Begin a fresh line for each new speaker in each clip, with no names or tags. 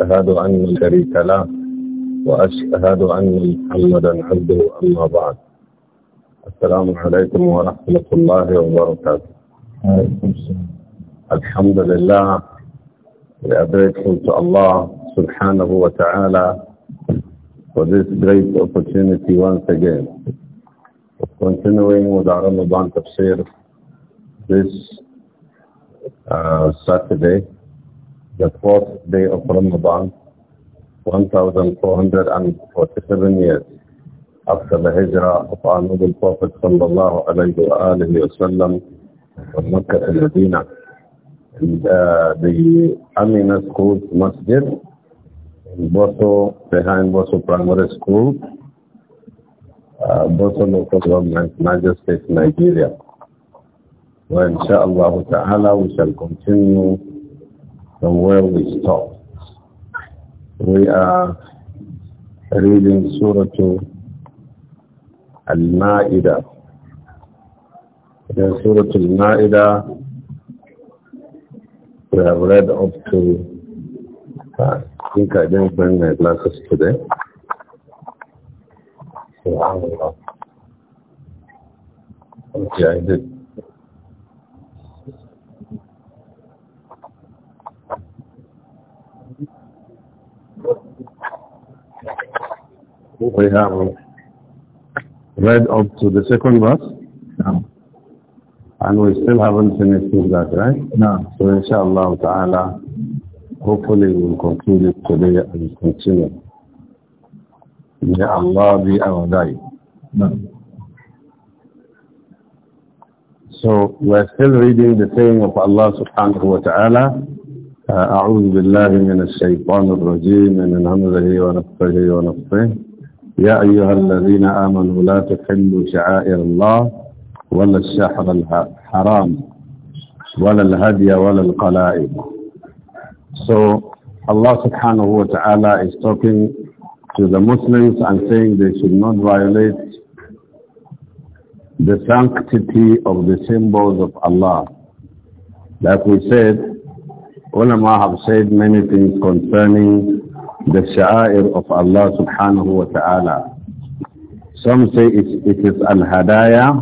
أشهد أن شريك له وأشهد أن محمدا عبده أما بعد السلام عليكم ورحمة الله وبركاته الحمد لله we are grateful to Allah for this great opportunity once again continuing with our Ramadan tafsir this uh, Saturday the fourth day of Ramadan, 1447 years after the hijrah of our noble Prophet sallallahu alayhi wa alihi from Mecca to Medina. And, uh, the Amina School Masjid in Boso, behind Boso Primary School, uh, Boso Local Government, Niger State, Nigeria. Well, inshallah ta'ala, we shall continue the world is stopped. We are reading Surah Al-Ma'idah. In Surah Al-Ma'idah, we have read up to, I think I didn't bring my glasses today.
Okay, I did.
We have read up to the second verse. No. And we still haven't finished with that, right? No. So inshallah ta'ala, hopefully we'll conclude it today and continue. May Allah be our guide. No. So we're still reading the saying of Allah subhanahu wa ta'ala, أعوذ بالله من الشيطان الرجيم من همزه ونفسه ونفسه يا أيها الذين آمنوا لا تحلوا شعائر الله ولا الشحر الحرام ولا الهدي ولا القلائد So Allah subhanahu wa ta'ala is talking to the Muslims and saying they should not violate the sanctity of the symbols of Allah. Like we said, Ulama have said many things concerning the sha'air of Allah subhanahu wa ta'ala. Some say it, it is al-hadaya,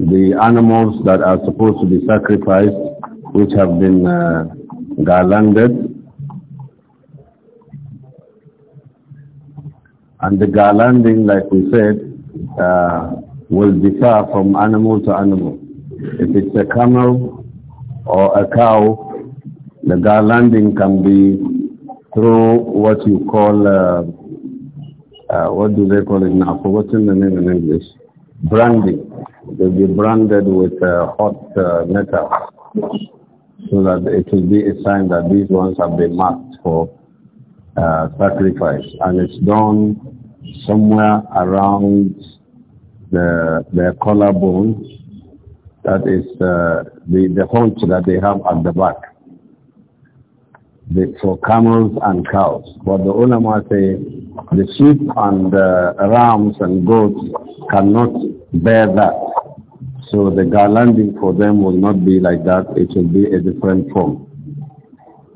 the animals that are supposed to be sacrificed, which have been uh, garlanded. And the garlanding, like we said, uh, will differ from animal to animal. If it's a camel or a cow, the garlanding can be through what you call, uh, uh, what do they call it now? Forgotten the name in English. Branding. They'll be branded with uh, hot uh, metal so that it will be a sign that these ones have been marked for uh, sacrifice. And it's done somewhere around the, the collarbone that is uh, the, the haunch that they have at the back the, for camels and cows. But the ulama say the sheep and the rams and goats cannot bear that. So the garlanding for them will not be like that. It will be a different form.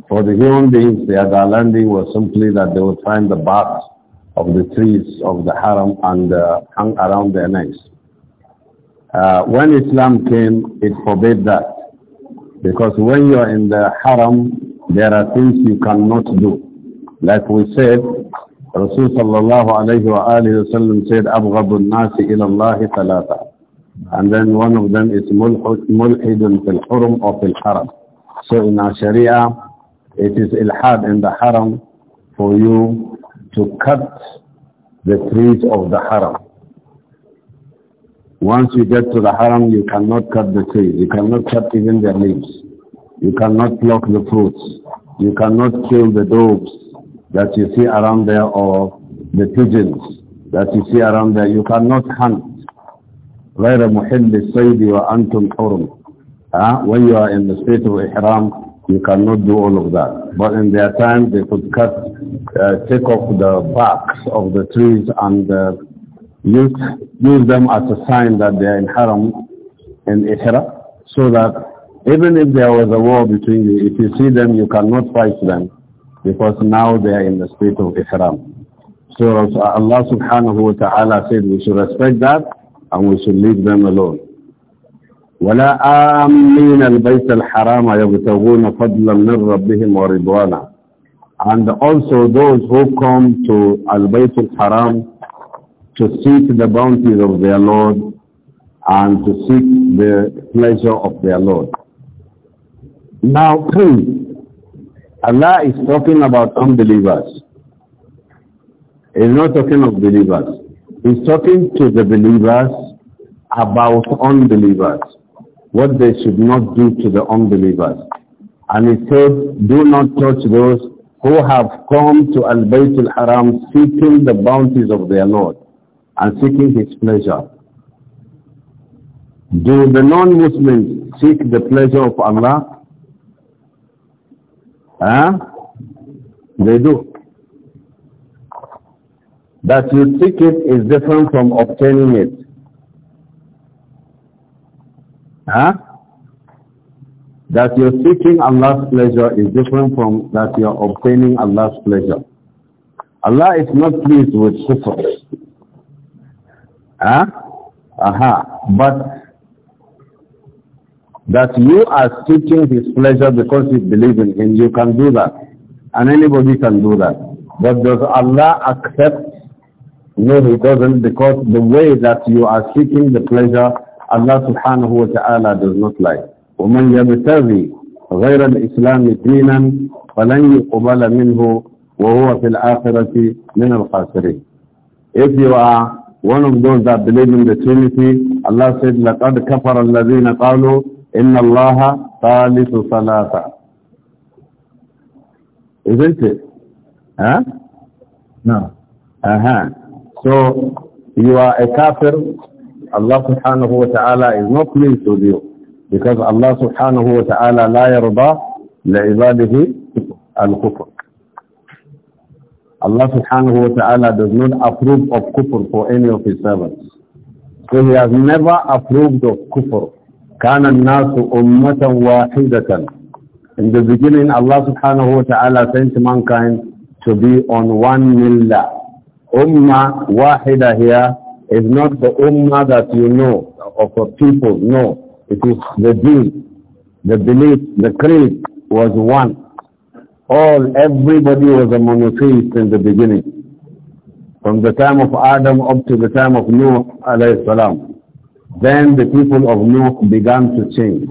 For the human beings, their garlanding was simply that they would find the bark of the trees of the haram and uh, hang around their necks. Uh, when Islam came, it forbade that. Because when you are in the haram, there are things you cannot do. Like we said, Rasul sallallahu alayhi wa alayhi wa sallam said, أَبْغَبُ النَّاسِ إِلَى اللَّهِ ثَلَاثًا And then one of them is مُلْحِدٌ فِي الْحُرُمْ or فِي الْحَرَمْ So in our Sharia, it is ilhad in the haram for you to cut the trees of the haram. Once you get to the haram, you cannot cut the trees. You cannot cut even their leaves. You cannot pluck the fruits. You cannot kill the doves that you see around there or the pigeons that you see around there. You cannot hunt. غير محل الصيد وأنتم حرم. Uh, when you are in the state of ihram, you cannot do all of that. But in their time, they could cut, uh, take off the barks of the trees and uh, use, use them as a sign that they are in haram, in ihram, so that even if there was a war between you, if you see them, you cannot fight them because now they are in the state of ihram. So Allah subhanahu wa ta'ala said we should respect that and we should leave them alone. ولا آمين البيت الحرام يبتغون فضلا من ربهم ورضوانا and also those who come to Al-Bayt al-Haram to seek the bounties of their Lord and to seek the pleasure of their Lord. Now three, Allah is talking about unbelievers. He's not talking of believers. He's talking to the believers about unbelievers, what they should not do to the unbelievers. And he said, do not touch those who have come to Al-Bayt al-Haram seeking the bounties of their Lord and seeking his pleasure. Do the non-Muslims seek the pleasure of Allah? Ah, They do. That you seek it is different from obtaining it. Huh? That you're seeking Allah's pleasure is different from that you're obtaining Allah's pleasure. Allah is not pleased with kufr. Huh? Aha. But that you are seeking his pleasure because you believe in him. You can do that. And anybody can do that. But does Allah accept? No, he doesn't because the way that you are seeking the pleasure, Allah subhanahu wa ta'ala does not like. وَمَنْ يَبْتَغِي غَيْرَ الْإِسْلَامِ دِينًا فَلَنْ يُقْبَلَ مِنْهُ وَهُوَ فِي الْآخِرَةِ مِنَ الْخَاسِرِينَ If you are one of those that believe in the Trinity, Allah said, لَقَدْ كَفَرَ الَّذِينَ قَالُوا إن الله ثالث ثلاثة Isn't it? Huh? No. Uh-huh. So, you are a kafir. Allah subhanahu wa ta'ala is not pleased with you. Because Allah subhanahu wa ta'ala la yarda لعباده الكفر. Allah subhanahu wa ta'ala does not approve of kufr for any of his servants. So he has never approved of kufr كان الناس أمة واحدة. In the beginning, Allah subhanahu wa ta'ala sent mankind to be on one millah. Ummah wahida here is not the ummah that you know, of a people, no. It is the deen, the belief, the creed was one. All, everybody was a monotheist in the beginning. From the time of Adam up to the time of Noah alayhi salam. Then the people of Nuh began to change.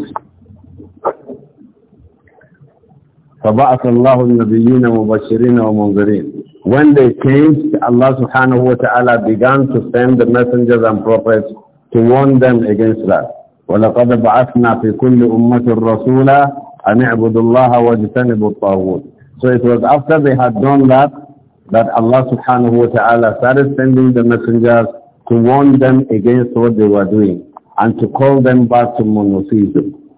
فبعث الله النبيين مبشرين ومنذرين when they changed, Allah subhanahu wa ta'ala began to send the messengers and prophets to warn them against that. وَلَقَدْ بَعَثْنَا فِي كُلِّ أُمَّةٍ رَسُولًا أَنْ اعْبُدُوا اللَّهَ وَاجْتَنِبُوا الطَّاغُوتِ So it was after they had done that, that Allah subhanahu wa ta'ala started sending the messengers to warn them against what they were doing and to call them back to monotheism,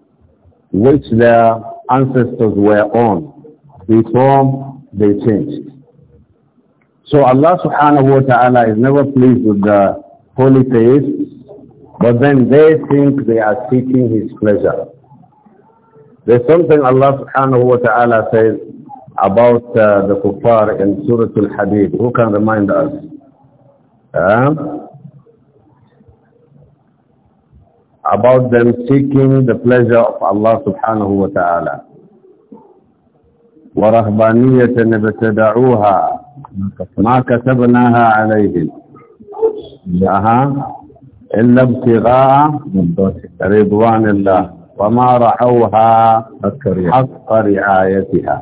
which their ancestors were on before they changed. So Allah subhanahu wa ta'ala is never pleased with the polytheists, but then they think they are seeking his pleasure. There's something Allah subhanahu wa ta'ala says about uh, the kuffar in Surah Al-Hadid. Who can remind us? Uh, about them seeking the pleasure of Allah subhanahu wa ta'ala. ورهبانية بَتَدَعُوهَا ما كتبناها عليهم لَهَا إلا ابتغاء رضوان الله وما رعوها حق رعايتها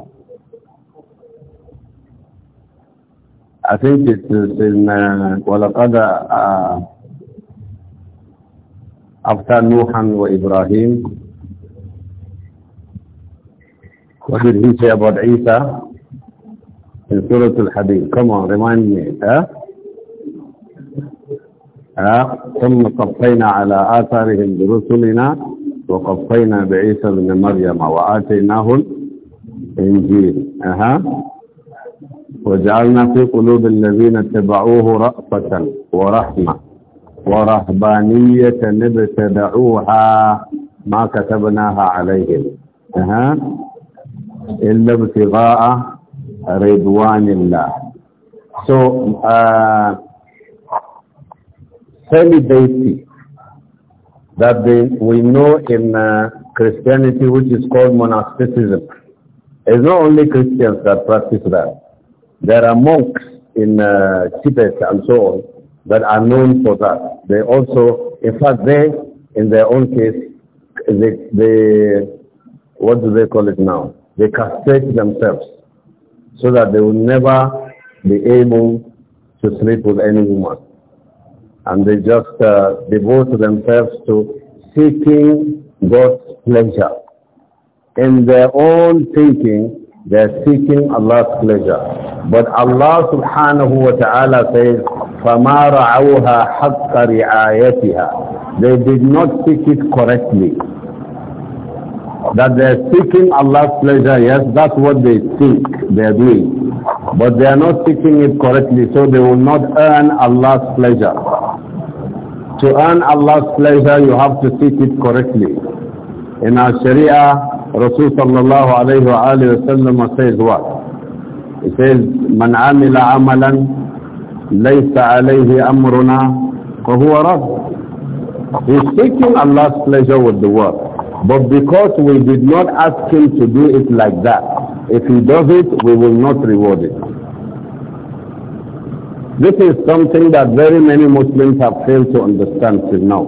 I think it's in uh, ولقد uh, أبطال نوحا وإبراهيم Ibrahim. What أبو عيسى say سورة الحديد كما رمان ميتا ها ثم قفينا على آثارهم برسلنا وقفينا بعيسى بن مريم وآتيناه الإنجيل أها وجعلنا في قلوب الذين اتبعوه رأفة ورحمة ورهبانية نبتدعوها ما كتبناها عليهم أه. إلا ابتغاء رضوان الله so uh, celibacy that they, we know in uh, Christianity which is called monasticism it's not only Christians that practice that there are monks in uh, Tibet and so on that are known for that. They also, in fact, they, in their own case, they, they what do they call it now? They castrate themselves so that they will never be able to sleep with any woman. And they just uh, devote themselves to seeking God's pleasure. In their own thinking, they are seeking Allah's pleasure. But Allah subhanahu wa ta'ala says, فما رعوها حق رعايتها they did not seek it correctly that they are seeking Allah's pleasure yes that's what they think they are doing but they are not seeking it correctly so they will not earn Allah's pleasure to earn Allah's pleasure you have to seek it correctly in our sharia Rasul sallallahu alayhi wa sallam says what? He says man amila amalan ليس عليه He's seeking Allah's pleasure with the work. But because we did not ask him to do it like that, if he does it, we will not reward it. This is something that very many Muslims have failed to understand till now.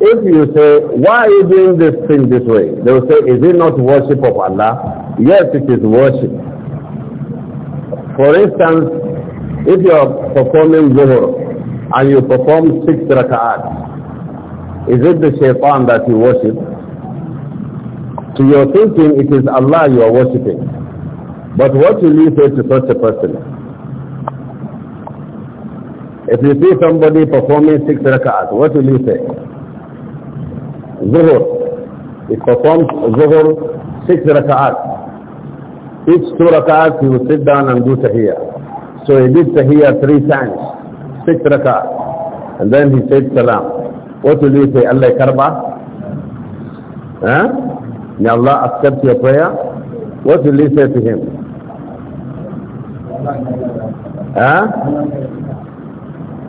If you say, why are you doing this thing this way? They will say, is it not worship of Allah? Yes, it is worship. For instance, if you are performing zuhur and you perform six rak'at, is it the shaitan that you worship? To your thinking, it is Allah you are worshipping. But what will you say to such a person? If you see somebody performing six rak'at, what will you say? Zuhur. He performs zuhur, six rak'at. Each two rak'at, he will sit down and do tahiyah. So he did tahiyya three times, six rak'ah. And then he said salam. What will he say? Allah karba? Huh? May Allah accept your prayer? What will he say to him? Huh?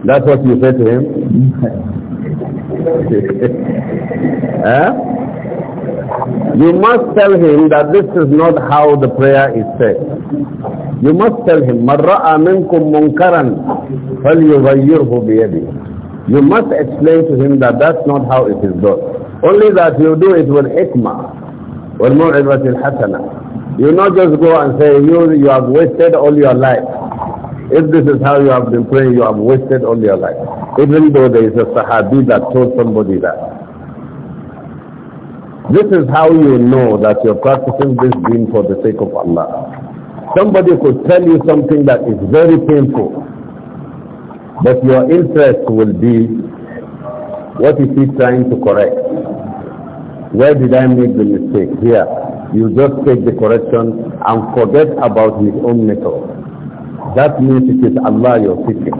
That's what you say to him? huh? You must tell him that this is not how the prayer is said. You must tell him, مَنْ رَأَى مِنْكُمْ مُنْكَرًا فَلْيُغَيِّرْهُ بِيَدِهِ You must explain to him that that's not how it is done. Only that you do it with hikmah, وَالْمُعِذَةِ الْحَسَنَةِ You not just go and say, you, you have wasted all your life. If this is how you have been praying, you have wasted all your life. Even though there is a Sahabi that told somebody that. This is how you know that you're practicing this deen for the sake of Allah. Somebody could tell you something that is very painful, but your interest will be, what is he trying to correct? Where did I make the mistake? Here. You just take the correction and forget about his own method. That means it is Allah you're seeking.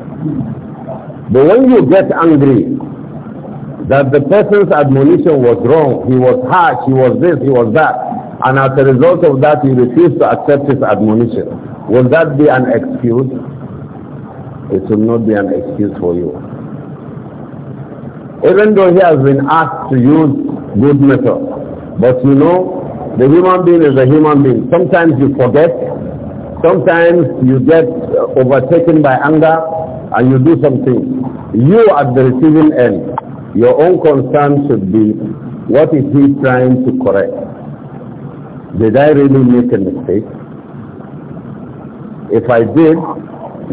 But when you get angry, that the person's admonition was wrong, he was harsh, he was this, he was that, and as a result of that he refused to accept his admonition, will that be an excuse? It will not be an excuse for you. Even though he has been asked to use good method, but you know, the human being is a human being. Sometimes you forget, sometimes you get overtaken by anger, and you do something. You at the receiving end, your own concern should be, what is he trying to correct? Did I really make a mistake? If I did,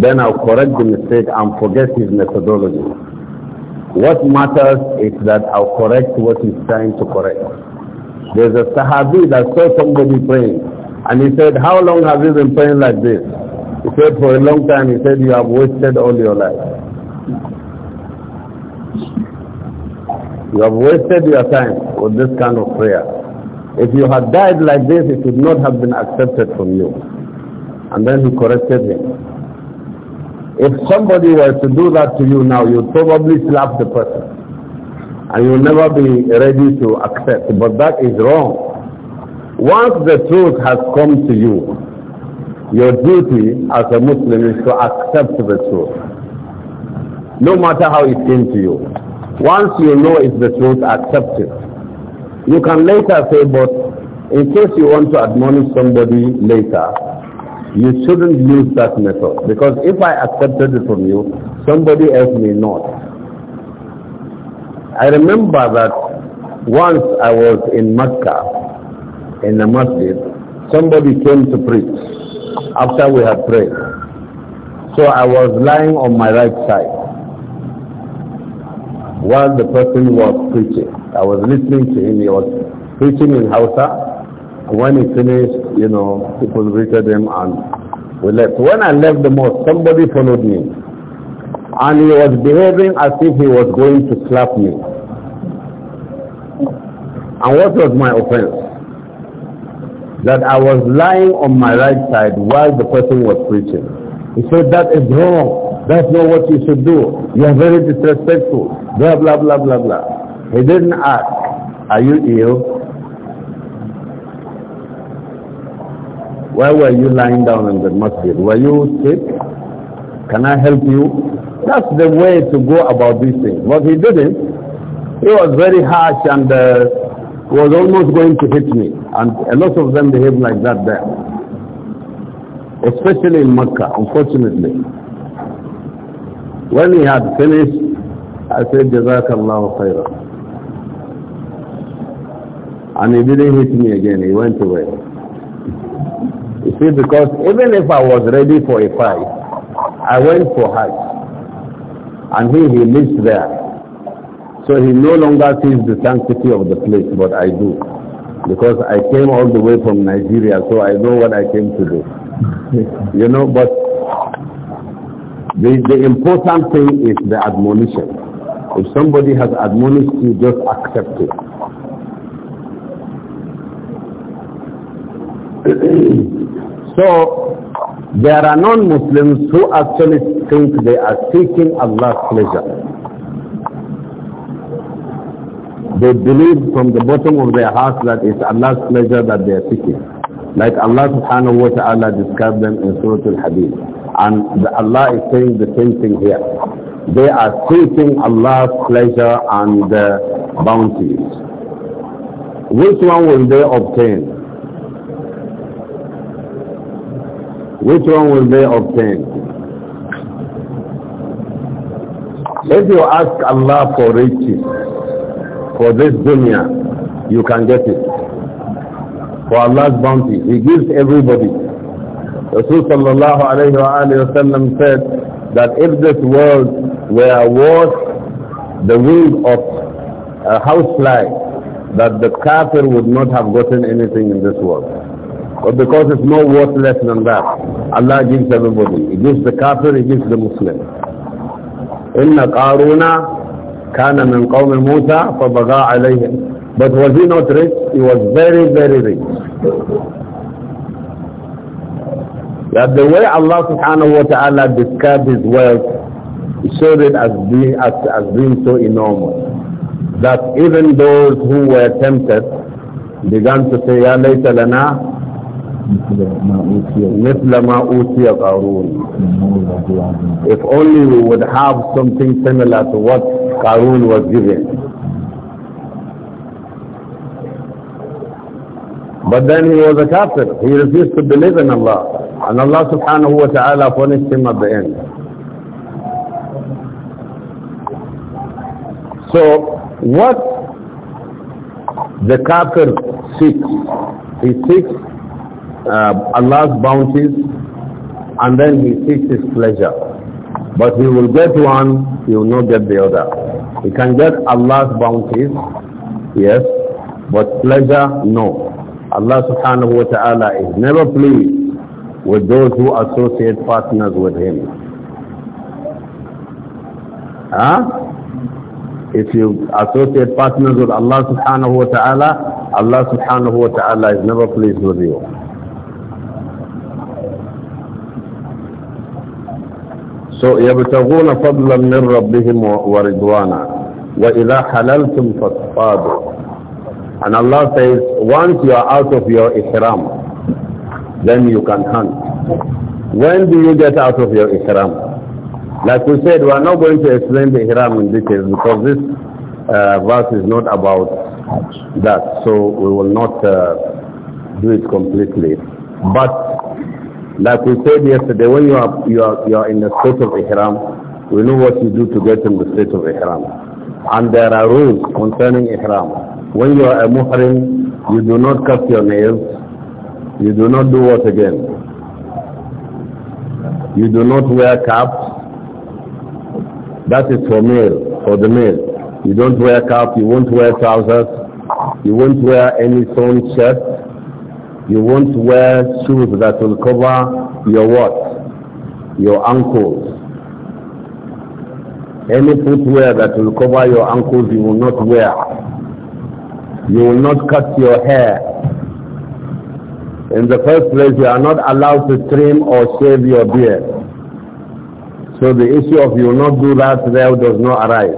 then I'll correct the mistake and forget his methodology. What matters is that I'll correct what he's trying to correct. There's a Sahabi that saw somebody praying and he said, how long have you been praying like this? He said, for a long time. He said, you have wasted all your life. You have wasted your time with this kind of prayer. If you had died like this, it would not have been accepted from you. And then he corrected him. If somebody were to do that to you now, you'd probably slap the person. And you'll never be ready to accept. But that is wrong. Once the truth has come to you, your duty as a Muslim is to accept the truth. No matter how it came to you. Once you know it's the truth, accept it. You can later say, but in case you want to admonish somebody later, you shouldn't use that method. Because if I accepted it from you, somebody else may not. I remember that once I was in Mecca, in the masjid, somebody came to preach after we had prayed. So I was lying on my right side while the person was preaching. I was listening to him. He was preaching in Hausa. When he finished, you know, people greeted him and we left. When I left the mosque, somebody followed me. And he was behaving as if he was going to slap me. And what was my offense? That I was lying on my right side while the person was preaching. He said, that is wrong. That's not what you should do. You are very disrespectful. Blah, blah, blah, blah, blah. He didn't ask, are you ill? Why were you lying down in the masjid? Were you sick? Can I help you? That's the way to go about these things. But he didn't. He was very harsh and uh, was almost going to hit me. And a lot of them behave like that there especially in Mecca, unfortunately. When he had finished, I said, Jazakallah khairah. And he didn't hit me again, he went away. You see, because even if I was ready for a fight, I went for Hajj. And he, he lives there. So he no longer sees the sanctity of the place, but I do. Because I came all the way from Nigeria, so I know what I came to do you know, but the, the important thing is the admonition. If somebody has admonished you, just accept it. so, there are non-Muslims who actually think they are seeking Allah's pleasure. They believe from the bottom of their heart that it's Allah's pleasure that they are seeking. Like Allah subhanahu wa ta'ala described them in Surah Al-Hadid. And Allah is saying the same thing here. They are seeking Allah's pleasure and bounties. Which one will they obtain? Which one will they obtain? If you ask Allah for riches, for this dunya, you can get it for Allah's bounty. He gives everybody. Rasul sallallahu alayhi wa sallam said that if this world were worth the wing of a housefly, that the kafir would not have gotten anything in this world. But because it's more less than that, Allah gives everybody. He gives the kafir, he gives the Muslim. Inna قارون كان من قوم موسى فبغى عليهم but was he not rich? He was very, very rich. That the way Allah subhanahu wa ta'ala described his wealth, he showed it as being, as, as being so enormous. That even those who were tempted began to say, Ya layta lana If only we would have something similar to what Qarun was given. But then he was a kafir. He refused to believe in Allah. And Allah subhanahu wa ta'ala punished him at the end. So what the kafir seeks, he seeks uh, Allah's bounties and then he seeks his pleasure. But he will get one, he will not get the other. He can get Allah's bounties, yes, but pleasure, no. Allah subhanahu wa ta'ala is never pleased with those who associate partners with him. Huh? If you associate partners with Allah subhanahu wa ta'ala, Allah subhanahu wa ta'ala is never pleased with you. So يبتغون فضلا من ربهم ورضوانا وإذا حللتم فاصطادوا and Allah says, once you are out of your ihram, then you can hunt. When do you get out of your ihram? Like we said, we are not going to explain the ihram in detail because this uh, verse is not about that. So we will not uh, do it completely. But like we said yesterday, when you are, you are, you are in the state of ihram, we know what you do to get in the state of ihram. And there are rules concerning ihram. When you are a muhrim, you do not cut your nails, you do not do what again? You do not wear caps. That is for male, for the male. You don't wear cap, you won't wear trousers, you won't wear any sewn shirt, you won't wear shoes that will cover your what? Your ankles. Any footwear that will cover your ankles you will not wear. You will not cut your hair. In the first place, you are not allowed to trim or shave your beard. So the issue of you will not do that there does not arise.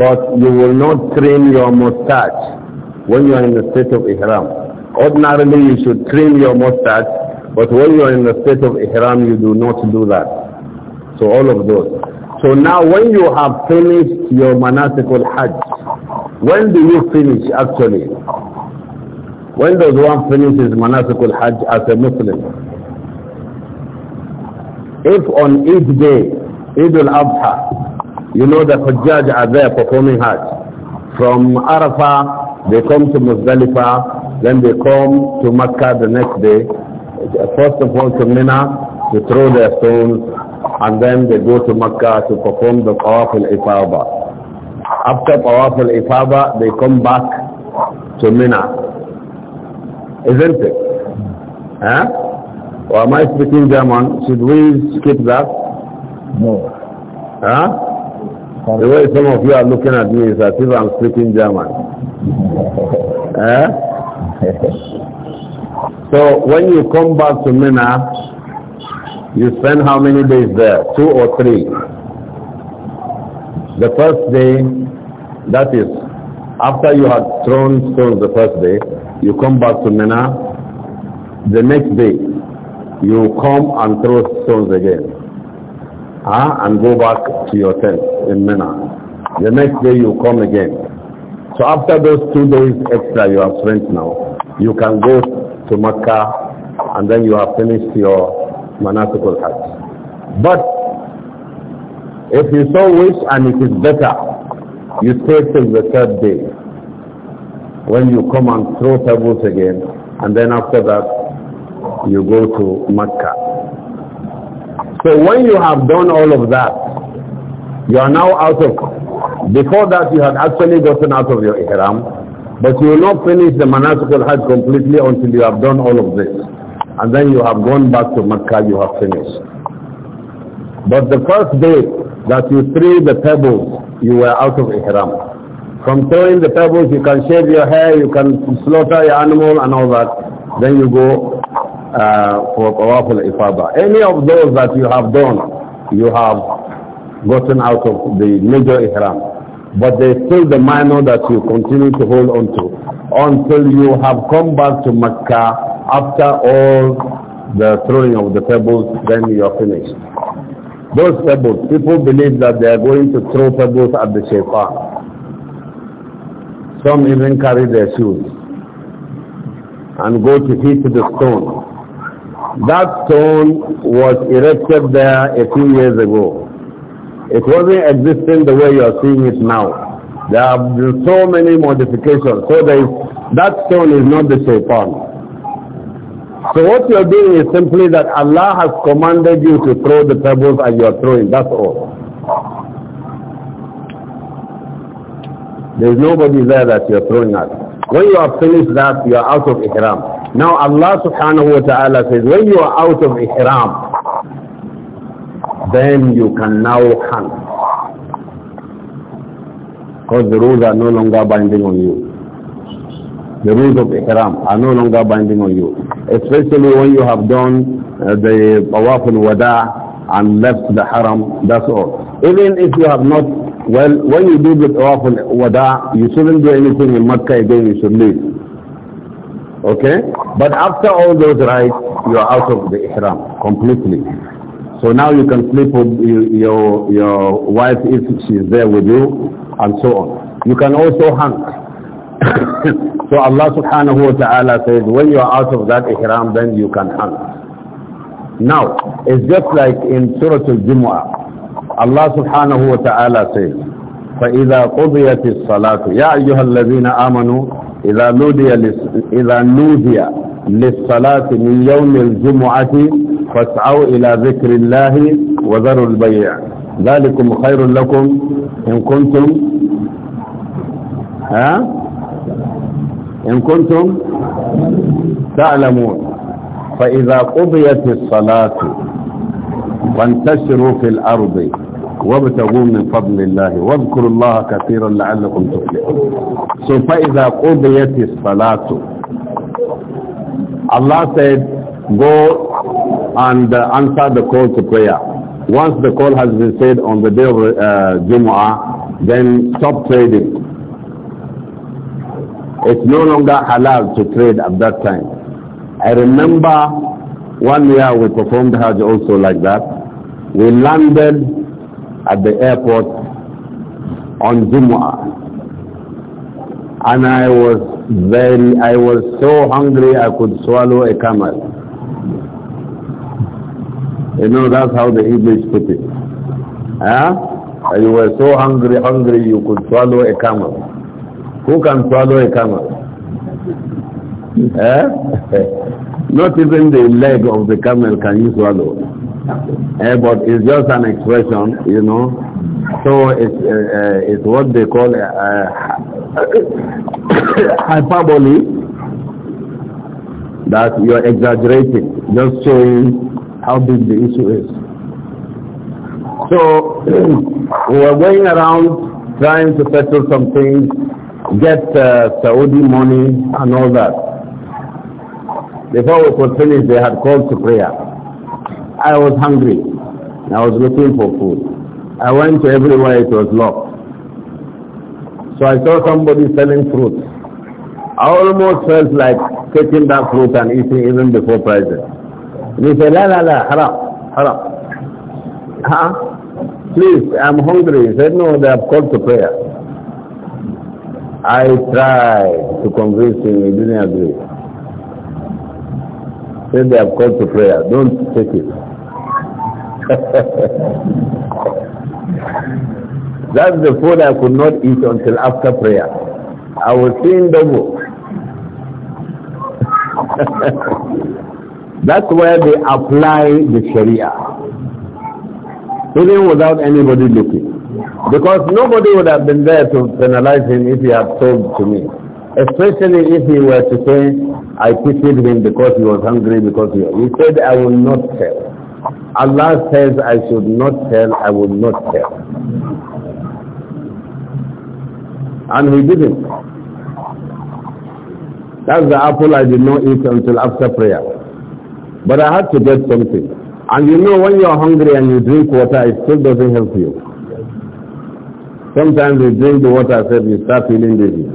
But you will not trim your mustache when you are in the state of ihram. Ordinarily, you should trim your mustache, but when you are in the state of ihram, you do not do that. So all of those. So now when you have finished your manasikul hajj, when do you finish actually? When does one finish his manasikul hajj as a Muslim? If on each day, Eid al-Adha, you know the Hajj are there performing Hajj. From Arafah, they come to Muzdalifah, then they come to Makkah the next day. First of all to Mina to throw their stones, and then they go to Makkah to perform the Qawaf al-Ifabah after powerful ifaba they come back to Mina. Isn't it? Huh? Or am I speaking German? Should we skip that? No. Huh? The way some of you are looking at me is that if I'm speaking German. so when you come back to Mina, you spend how many days there? Two or three? The first day that is, after you had thrown stones the first day, you come back to Mena. the next day, you come and throw stones again. Huh? Ah, and go back to your tent in Mena. The next day you come again. So after those two days extra you have spent now, you can go to Makkah, and then you have finished your monastical Hajj. But if you so wish and it is better, you stay till the third day when you come and throw taboos again and then after that you go to Makkah. So when you have done all of that, you are now out of, before that you had actually gotten out of your ihram, but you will not finish the manasik al-hajj completely until you have done all of this. And then you have gone back to Makkah, you have finished. But the first day that you threw the pebbles, you were out of ihram. From throwing the pebbles, you can shave your hair, you can slaughter your animal and all that. Then you go uh, for tawaf al Any of those that you have done, you have gotten out of the major ihram but there's still the minor that you continue to hold on to until you have come back to Mecca after all the throwing of the pebbles, then you are finished. Those pebbles, people believe that they are going to throw pebbles at the shaitan. Some even carry their shoes and go to hit the stone. That stone was erected there a few years ago. It wasn't existing the way you are seeing it now. There have been so many modifications. So that stone is not the shaitan. So what you're doing is simply that Allah has commanded you to throw the pebbles and you're throwing, that's all. There's nobody there that you're throwing at. When you have finished that, you are out of ihram. Now Allah subhanahu wa ta'ala says, when you are out of ihram, then you can now hunt. Because the rules are no longer binding on you the rules of ihram are no longer binding on you. Especially when you have done uh, the Tawaf wada and left the haram, that's all. Even if you have not, well, when you do the Tawaf wada you shouldn't do anything in Makkah again, you should leave. Okay? But after all those rites, you are out of the ihram completely. So now you can sleep with your, your wife if she is there with you, and so on. You can also hunt. so Allah subhanahu wa ta'ala says, when you are out of that ihram, then you can hunt. Now, it's just like in Surah Al-Jumu'ah. Allah subhanahu wa ta'ala says, فَإِذَا قُضِيَتِ الصَّلَاةُ يَا أَيُّهَا الَّذِينَ آمَنُوا إِذَا نُودِيَ إِذَا نُودِيَ للصلاة من يوم الجمعة فاسعوا إلى ذكر الله وذروا البيع ذلكم خير لكم إن كنتم ها إن كنتم تعلمون فإذا قضيت الصلاة وانتشروا في الأرض وابتغوا من فضل الله واذكروا الله كثيرا لعلكم تفلحون so فإذا قضيت الصلاة Allah said go and answer the call to prayer once the call has been said on the day of uh, Jumu'ah then stop trading It's no longer halal to trade at that time. I remember one year we performed Hajj also like that. We landed at the airport on Jumu'ah and I was very, I was so hungry I could swallow a camel. You know, that's how the English put it. Huh? You were so hungry, hungry you could swallow a camel. Who can swallow a camel? Eh? Not even the leg of the camel can you swallow. Eh, but it's just an expression, you know. So it's, uh, uh, it's what they call uh, hyperbole, that you're exaggerating, just showing how big the issue is. So we were going around trying to settle some things get uh, Saudi money and all that. Before we could finish, they had called to prayer. I was hungry. I was looking for food. I went to everywhere it was locked. So I saw somebody selling fruit. I almost felt like taking that fruit and eating even before pricing. And he said, la la la, haram, haram. Huh? Please, I'm hungry. He said, no, they have called to prayer. I tried to convince him, he didn't agree. Said they have called to prayer. Don't take it. That's the food I could not eat until after prayer. I was seeing double. That's where they apply the Sharia. Even without anybody looking. Because nobody would have been there to penalize him if he had told to me. Especially if he were to say, I pitied him because he was hungry, because he, he said, I will not tell. Allah says, I should not tell, I will not tell. And he didn't. That's the apple I did not eat until after prayer. But I had to get something. And you know when you're hungry and you drink water, it still doesn't help you. Sometimes you drink the water said you start feeling dizzy.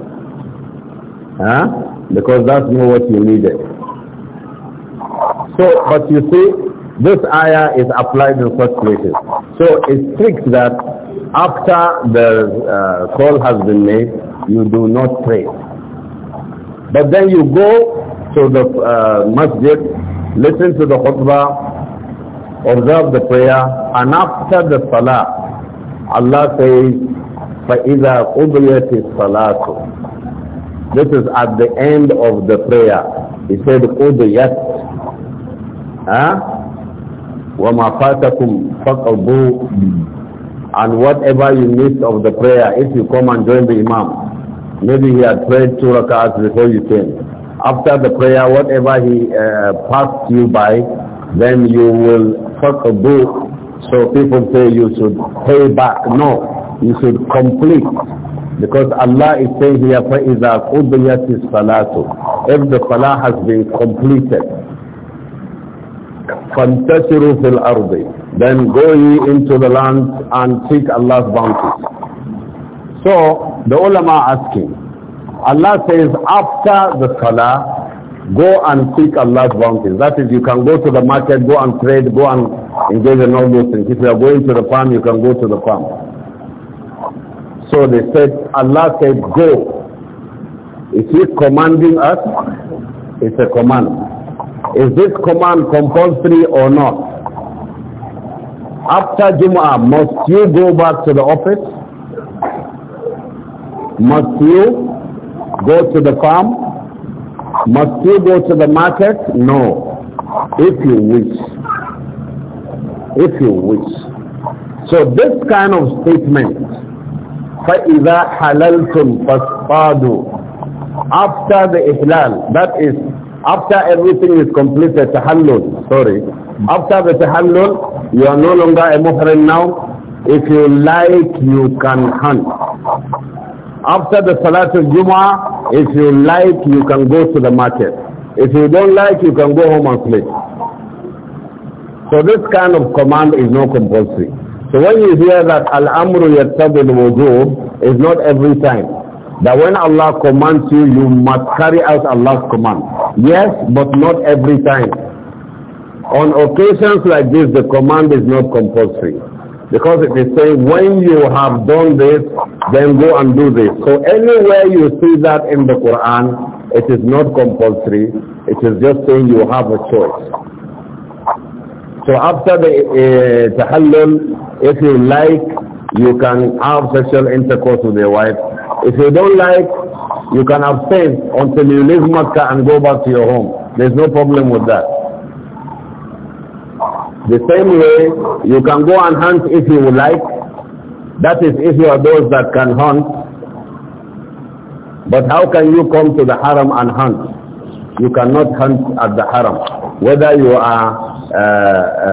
Huh? Because that's not what you needed. So, but you see, this ayah is applied in such places. So it strict that after the uh, call has been made, you do not pray. But then you go to the uh, masjid, listen to the khutbah, observe the prayer, and after the salah, Allah says, فَإِذَا قُضِيَتِ الصَّلَاةُ This is at the end of the prayer. He said, قُضِيَتْ huh? وَمَا فَاتَكُمْ فَقَضُوا And whatever you missed of the prayer, if you come and join the imam, maybe he had prayed two rakats before you came. After the prayer, whatever he uh, passed you by, then you will فَقَضُوا So people say you should pay back. No, you should complete because Allah is saying here فَإِذَا قُضِيَتِ الصَّلَاةُ if the salah has been completed فَانْتَشِرُوا fil الْأَرْضِ then go ye into the land and seek Allah's bounty so the ulama asking Allah says after the salah go and seek Allah's bounty. That is, you can go to the market, go and trade, go and engage in all those things. If you are going to the farm, you can go to the farm. So they said, Allah said, go. Is he commanding us? It's a command. Is this command compulsory or not? After Jum'ah, must you go back to the office? Must you go to the farm? Must you go to the market? No. If you wish. If you wish. So this kind of statement فَإِذَا حَلَلْتُمْ فَاسْفَادُوا After the ihlal, that is, after everything is completed, tahallul, sorry. After the tahallul, you are no longer a muhrim now. If you like, you can hunt. After the Salatul Jumu'ah, if you like, you can go to the market. If you don't like, you can go home and sleep. So this kind of command is not compulsory. So when you hear that al-amru yattabil wujub is not every time. That when Allah commands you, you must carry out Allah's command. Yes, but not every time. On occasions like this, the command is not compulsory. Because it is saying, when you have done this, then go and do this. So anywhere you see that in the Quran, it is not compulsory. It is just saying you have a choice. So after the uh, tahallul, if you like, you can have sexual intercourse with your wife. If you don't like, you can abstain until you leave Makkah and go back to your home. There's no problem with that. The same way, you can go and hunt if you would like. That is if you are those that can hunt. But how can you come to the haram and hunt? You cannot hunt at the haram. Whether you are uh, uh,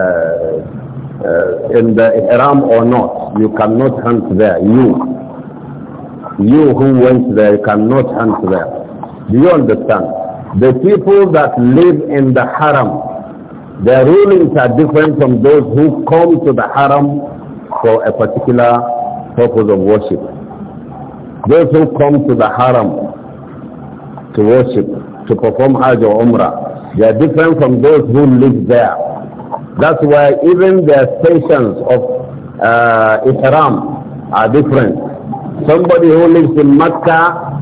uh, in the Haram or not, you cannot hunt there. You. You who went there, you cannot hunt there. Do you understand? The people that live in the Haram, their rulings are different from those who come to the Haram for a particular purpose of worship. Those who come to the Haram to worship, to perform Hajj or Umrah, they are different from those who live there. That's why even their stations of uh, Ihram are different. Somebody who lives in Mecca,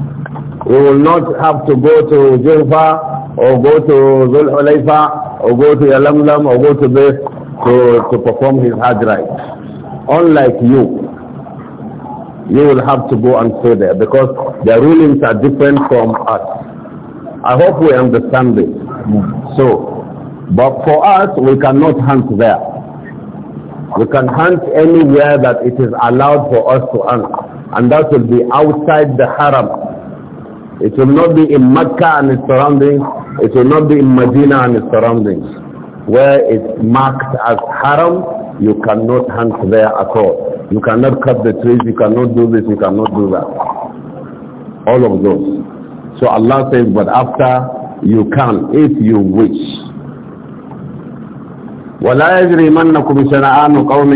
he will not have to go to Jufa or go to Zul Hulayfa or go to Yalamlam or go to this to, to perform his Hajj right. Unlike you, you will have to go and stay there because the rulings are different from us. I hope we understand this. So, but for us, we cannot hunt there. We can hunt anywhere that it is allowed for us to hunt. And that will be outside the haram. It will not be in Mecca and its surroundings. It will not be in Medina and its surroundings. Where it's marked as haram, you cannot hunt there at all. You cannot cut the trees, you cannot do this, you cannot do that. All of those. So Allah says, but after you can, if you wish. وَلَا يَجْرِمَنَّكُمْ شَنَآنُ قَوْمٍ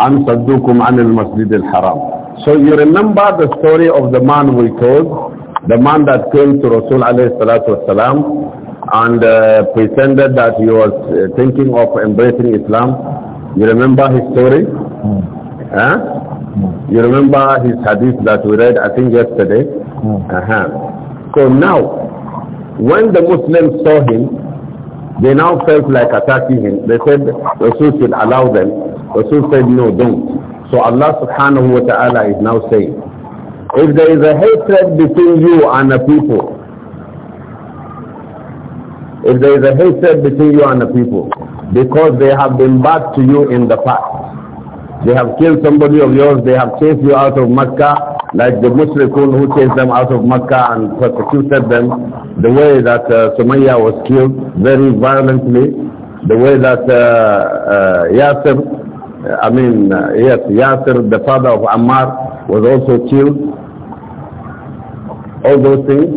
أَنْ صَدُّوكُمْ عَنِ الْمَسْجِدِ الْحَرَامِ So you remember the story of the man we told, the man that came to Rasul alayhi salatu wasalam and uh, pretended that he was uh, thinking of embracing Islam. You remember his story? Mm. Huh? Mm. You remember his hadith that we read, I think, yesterday? Mm. Uh -huh. So now, when the Muslims saw him, they now felt like attacking him. They said Rasul should allow them. Rasul said, no, don't. So Allah subhanahu wa ta'ala is now saying, if there is a hatred between you and the people, if there is a hatred between you and the people, because they have been bad to you in the past, they have killed somebody of yours, they have chased you out of Mecca, like the Mushrikun who chased them out of Mecca and persecuted them, the way that uh, Sumayya was killed very violently, the way that uh, uh, Yasser, I mean, uh, yes, Yasser, the father of Ammar, was also killed. All those things,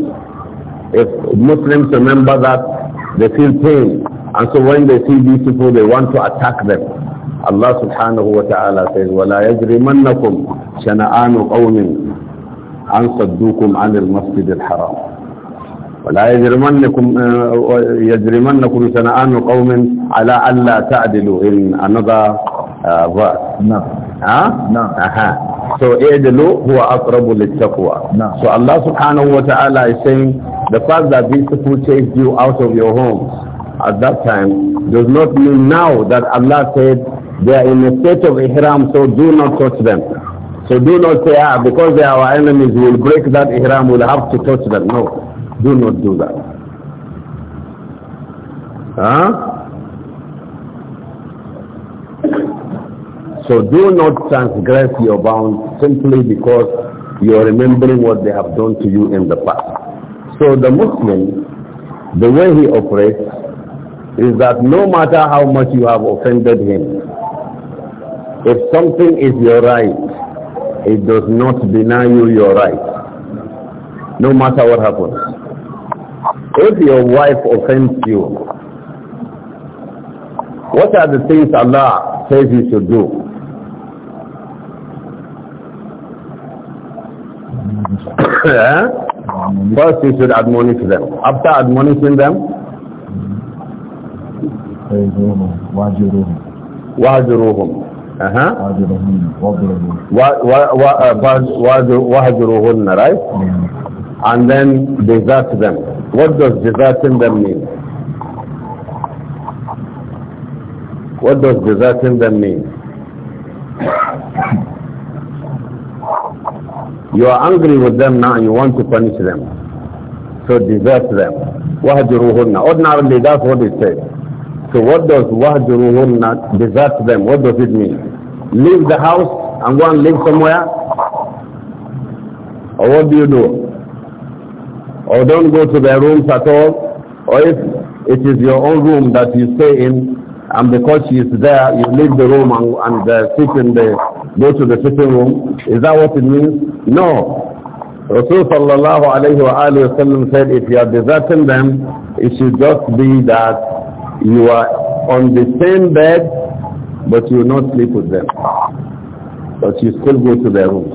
if Muslims remember that, they feel pain. And so when they see these people, they want to attack them. الله سبحانه وتعالى سيد ولا يجرمنكم شنآن قوم عن صدوكم عن المسجد الحرام ولا يجرمنكم آه، يجرمنكم شنآن قوم على ألا تعدلوا إن أنضى ضعف نعم ها نعم. so adlu huwa aqrabu lit taqwa so allah subhanahu wa ta'ala is saying the fact that these people chase you out of your homes, at that time does not mean now that Allah said they are in a state of ihram, so do not touch them. So do not say, ah, because they are our enemies, we'll break that ihram, we'll have to touch them. No, do not do that. Huh? So do not transgress your bounds simply because you are remembering what they have done to you in the past. So the Muslim, the way he operates is that no matter how much you have offended him, if something is your right, it does not deny you your right, no matter what happens. If your wife offends you, what are the things Allah says you should do? Eh? First, you should admonish them. After admonishing them, واجروهم واجروهم uh-huh. أها uh, واجروهن right and then desert them what does deserting them mean what does deserting them mean you are angry with them now and you want to punish them so desert them وَهَجِرُوهُنَّ ordinarily that's what it says so what does wahjuruhunna, desert them, what does it mean? Leave the house and go and live somewhere? Or what do you do? Or don't go to their rooms at all? Or if it is your own room that you stay in, and because she is there, you leave the room and, and uh, sit in the, go to the sitting room. Is that what it means? No. Rasul sallallahu alayhi wa alayhi wa sallam said if you are deserting them, it should just be that you are on the same bed, but you will not sleep with them. But you still go to their rooms.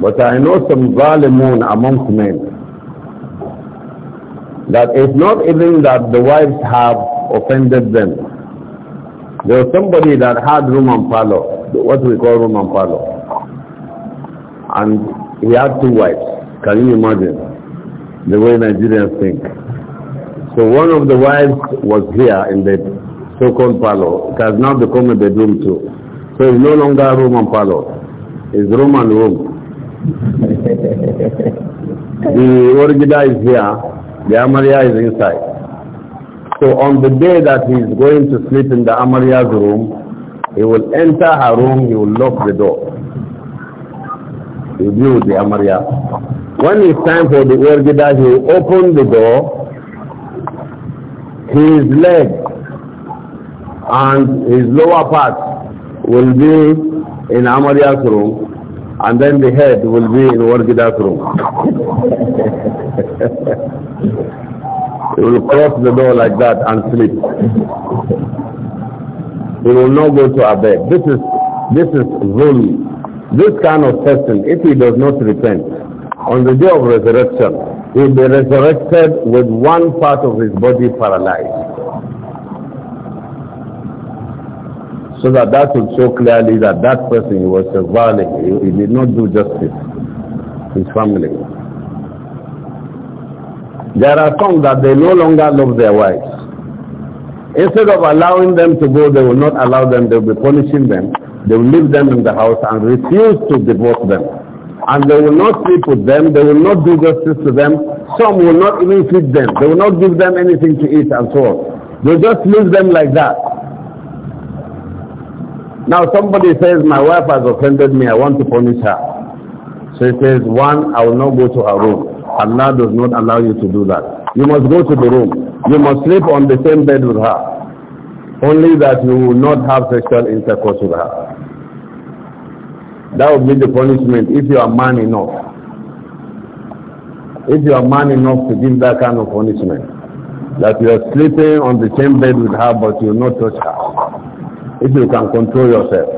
But I know some zalimun amongst men that it's not even that the wives have offended them. There was somebody that had room and parlor, what we call room and parlor. And he had two wives. Can you imagine the way Nigerians think? So one of the wives was here in the so-called parlor. It has now become a bedroom too. So it's no longer room and parlor. It's room and room. the Origida is here. The Amaria is inside. So on the day that he is going to sleep in the Amaria's room, he will enter her room, he will lock the door. He will the Amaria. When it's time for the Orgida, he will open the door his leg and his lower part will be in Amaria's room and then the head will be in Wargida's room. he will cross the door like that and sleep. He will not go to a bed. This is this is zulm. This kind of person, if he does not repent, on the day of resurrection, he'll be resurrected with one part of his body paralyzed. So that that will show clearly that that person he was surviving, he, he did not do justice, his family. There are some that they no longer love their wives. Instead of allowing them to go, they will not allow them, they will be punishing them. They will leave them in the house and refuse to divorce them and they will not sleep with them, they will not do justice to them, some will not even feed them, they will not give them anything to eat and so on. They just leave them like that. Now somebody says, my wife has offended me, I want to punish her. So he says, one, I will not go to her room. Allah does not allow you to do that. You must go to the room. You must sleep on the same bed with her. Only that you will not have sexual intercourse with her. That would be the punishment if you are man enough. If you are man enough to give that kind of punishment, that you are sleeping on the same bed with her but you will not touch her. If you can control yourself,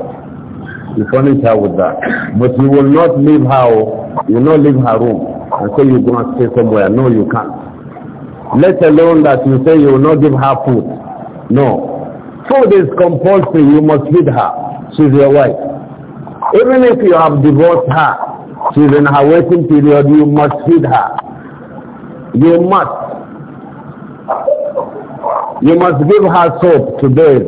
you punish her with that. But you will not leave her, oh. you will not leave her room and say you're going to stay somewhere. No, you can't. Let alone that you say you will not give her food. No. Food is compulsory. You must feed her. She's your wife. Even if you have divorced her, she's in her waiting period, you must feed her. You must. You must give her soap today.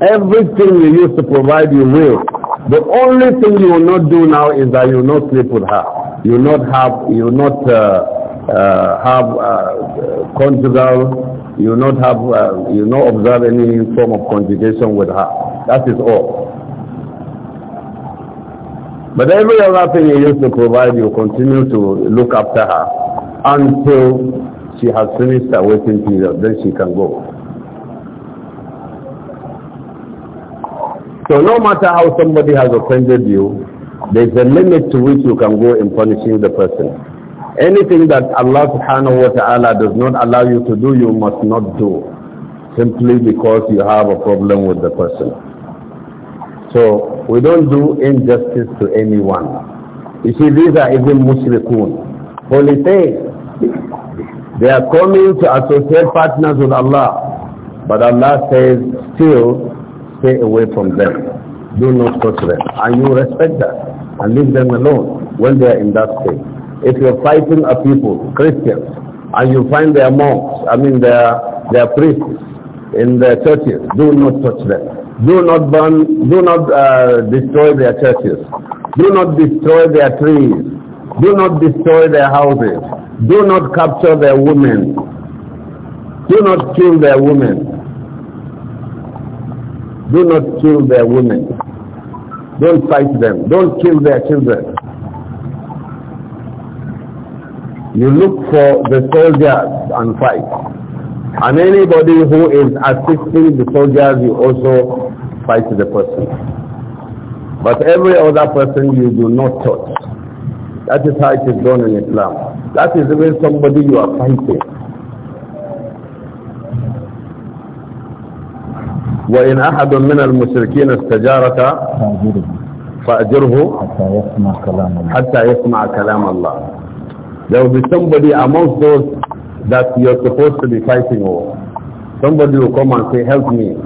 Everything you used to provide, you will. The only thing you will not do now is that you will not sleep with her. You will not have, you will not uh, uh, have uh, conjugal, you will not have, uh, you will not observe any form of conjugation with her. That is all. But every other thing you used to provide, you continue to look after her until she has finished her waiting period, then she can go. So no matter how somebody has offended you, there's a limit to which you can go in punishing the person. Anything that Allah subhanahu wa ta'ala does not allow you to do, you must not do, simply because you have a problem with the person. So we don't do injustice to anyone. You see, these are even mushrikun, thing. They are coming to associate partners with Allah. But Allah says, still stay away from them. Do not touch them. And you respect that. And leave them alone when they are in that state. If you're fighting a people, Christians, and you find their monks, I mean their, their priests in their churches, do not touch them. Do not burn, do not uh, destroy their churches. Do not destroy their trees. Do not destroy their houses. Do not capture their women. Do not kill their women. Do not kill their women. Don't fight them. Don't kill their children. You look for the soldiers and fight. And anybody who is assisting the soldiers, you also fight the person. But every other person you do not touch. That is how it is done in Islam. That is even somebody you are fighting. وإن أحد من المشركين استجارك فأجره حتى يسمع كلام الله There will be somebody amongst those that you're supposed to be fighting over. Somebody will come and say, help me.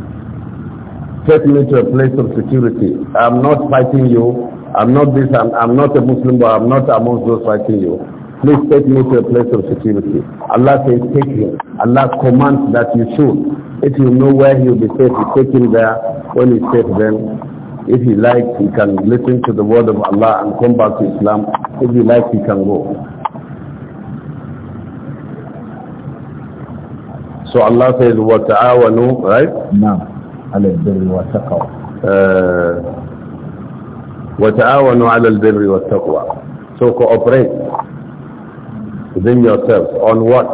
Take me to a place of security. I'm not fighting you. I'm not this. I'm, I'm not a Muslim, but I'm not amongst those fighting you. Please take me to a place of security. Allah says, take him. Allah commands that you should. If you know where he'll be safe, you take him there. When he's safe, then if he likes, he can listen to the word of Allah and come back to Islam. If he likes, he can go. So Allah says, وَتَعَاوَنُوا Right? No. على البر والتقوى. وَتَعَاوَنُوا عَلَى الْبِرِّ وَالتَّقْوَى So cooperate within yourself on what?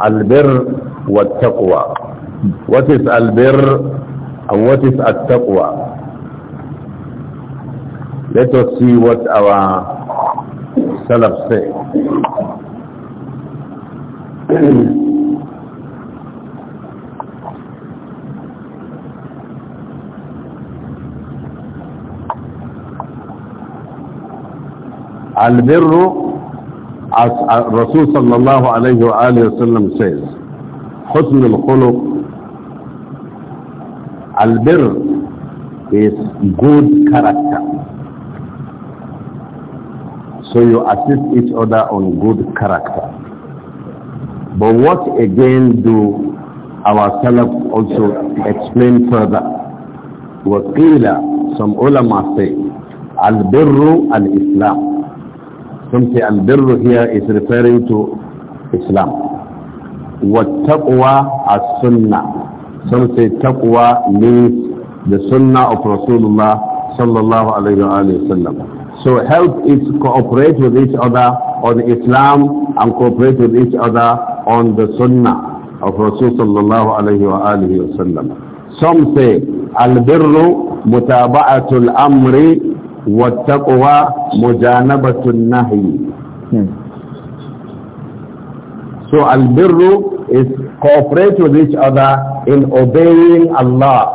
Al-birr wa-taqwa. What is al-birr and what is at-taqwa? Let us see what our Salaf say. Al-birru, as uh, Rasul sallallahu alayhi wa alayhi wa sallam says, Husn al-khuluq, al-birr is good character. So you assist each other on good character. But what again do our Salaf also explain further? Waqila, Some ulama say, al-birru and islam say al-dhur albirru here is referring to islam taqwa as sunnah some say taqwa means the sunnah of rasulullah sallallahu wa sallam. so help is cooperate with each other on islam and cooperate with each other on the sunnah of rasul sallallahu wa sallam. some say albirru mutaba'atul amri wattaqwa mujanabatun nahi so al-birru is cooperate with each other in obeying Allah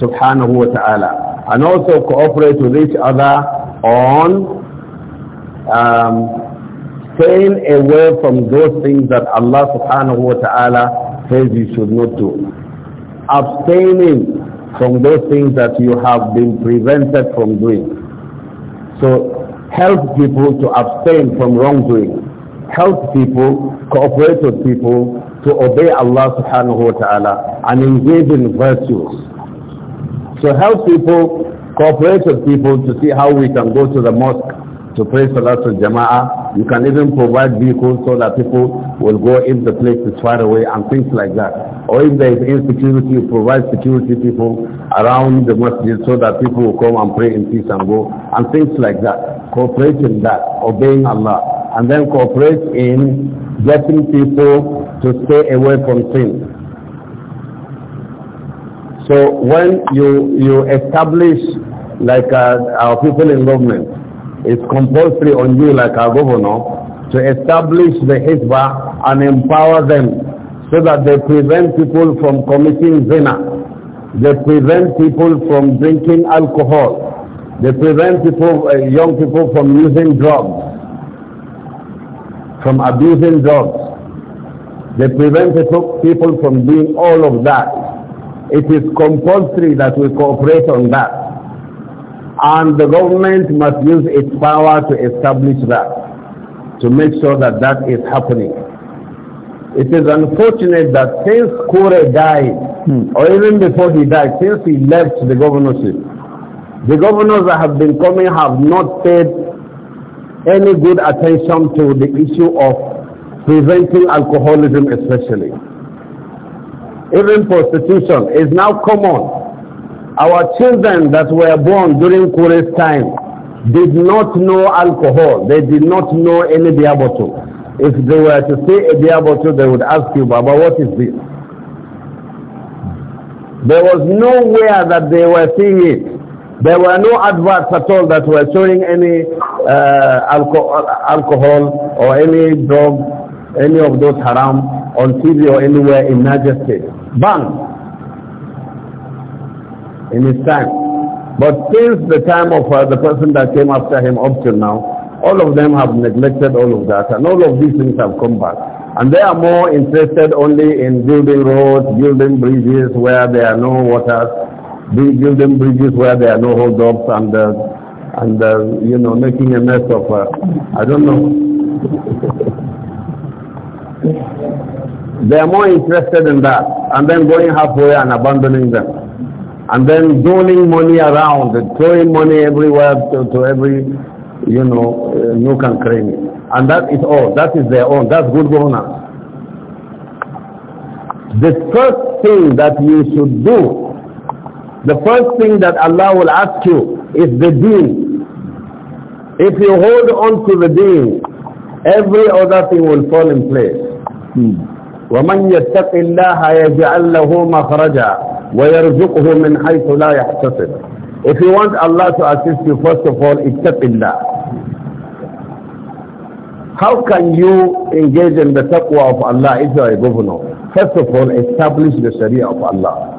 subhanahu wa ta'ala and also cooperate with each other on um, staying away from those things that Allah subhanahu wa ta'ala says you should not do abstaining from those things that you have been prevented from doing so help people to abstain from wrongdoing. Help people, cooperate with people to obey Allah subhanahu wa ta'ala and engage in virtues. So help people, cooperate with people to see how we can go to the mosque to pray salah to Jama'ah. You can even provide vehicles so that people will go in the place far away and things like that. Or if there is insecurity, you provide security people around the masjid so that people will come and pray in peace and go. And things like that. Cooperate in that, obeying Allah. And then cooperate in getting people to stay away from sin. So when you, you establish like uh, our people in government, it's compulsory on you like our governor to establish the Hizbah and empower them so that they prevent people from committing zina. They prevent people from drinking alcohol. They prevent people, uh, young people from using drugs, from abusing drugs. They prevent people from doing all of that. It is compulsory that we cooperate on that. And the government must use its power to establish that, to make sure that that is happening. It is unfortunate that since Kure died, hmm. or even before he died, since he left the governorship, the governors that have been coming have not paid any good attention to the issue of preventing alcoholism especially. Even prostitution is now common. Our children that were born during Kure's time did not know alcohol. They did not know any beer if they were to see a beer they would ask you, Baba, what is this? There was nowhere that they were seeing it. There were no adverts at all that were showing any uh, alcohol, alcohol or any drug, any of those haram on TV or anywhere in Niger State. Banned in his time. But since the time of uh, the person that came after him up till now, all of them have neglected all of that and all of these things have come back. And they are more interested only in building roads, building bridges where there are no waters, building bridges where there are no holdups and, uh, and uh, you know, making a mess of, uh, I don't know. they are more interested in that and then going halfway and abandoning them and then throwing money around and throwing money everywhere to, to every you know, uh, nook and cranny. And that is all. That is their own. That's good governance. The first thing that you should do, the first thing that Allah will ask you is the deen. If you hold on to the deen, every other thing will fall in place. Hmm. ومن يتق الله يجعل له مخرجا ويرزقه من حيث لا يحتسب if you want Allah to assist you first of all اتق الله how can you engage in the taqwa of Allah if you are a governor? First of all, establish the sharia of Allah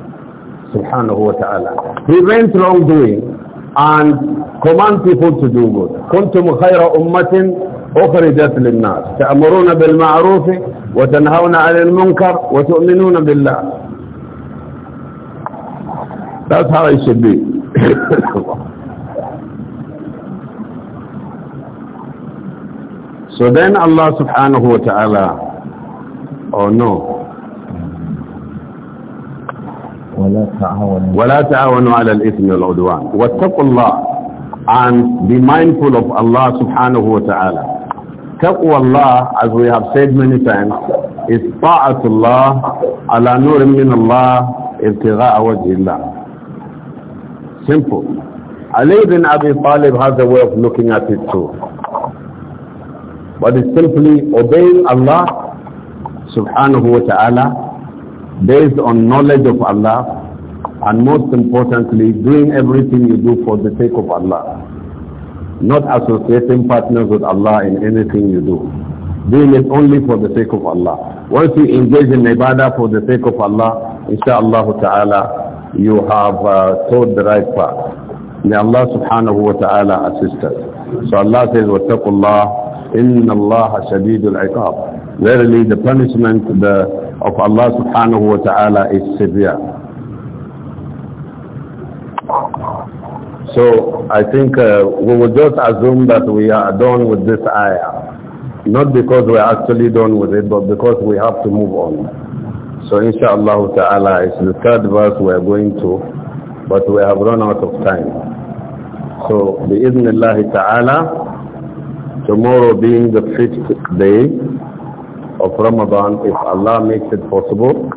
subhanahu wa ta'ala. Prevent wrongdoing and command people to do good. كنتم خير أمة أخرجت للناس تأمرون بالمعروف وتنهون عن المنكر وتؤمنون بالله. That's how it should be. So then Allah subhanahu wa ta'ala, or oh no, ولا تعاونوا ولا على الإثم والعدوان واتقوا الله and be mindful of Allah subhanahu wa ta'ala taqwa الله, as we have said many times is الله ala nur من الله ibtigha'a وجه الله. simple Ali bin Abi Talib has a way of looking at it too but it's simply obeying Allah subhanahu wa ta'ala based on knowledge of Allah and most importantly doing everything you do for the sake of Allah not associating partners with Allah in anything you do doing it only for the sake of Allah once you engage in ibadah for the sake of Allah inshallah ta'ala you have uh, the right path may Allah subhanahu wa ta'ala assist us so Allah says Allah. إِنَّ اللَّهَ شَدِيدُ الْعِقَابِ Verily the punishment the, of Allah subhanahu wa ta'ala is severe. So I think uh, we will just assume that we are done with this ayah. Not because we are actually done with it, but because we have to move on. So inshallah ta'ala, it's the third verse we are going to, but we have run out of time. So bi-idhnillahi ta'ala, Tomorrow being the fifth day of Ramadan, if Allah makes it possible,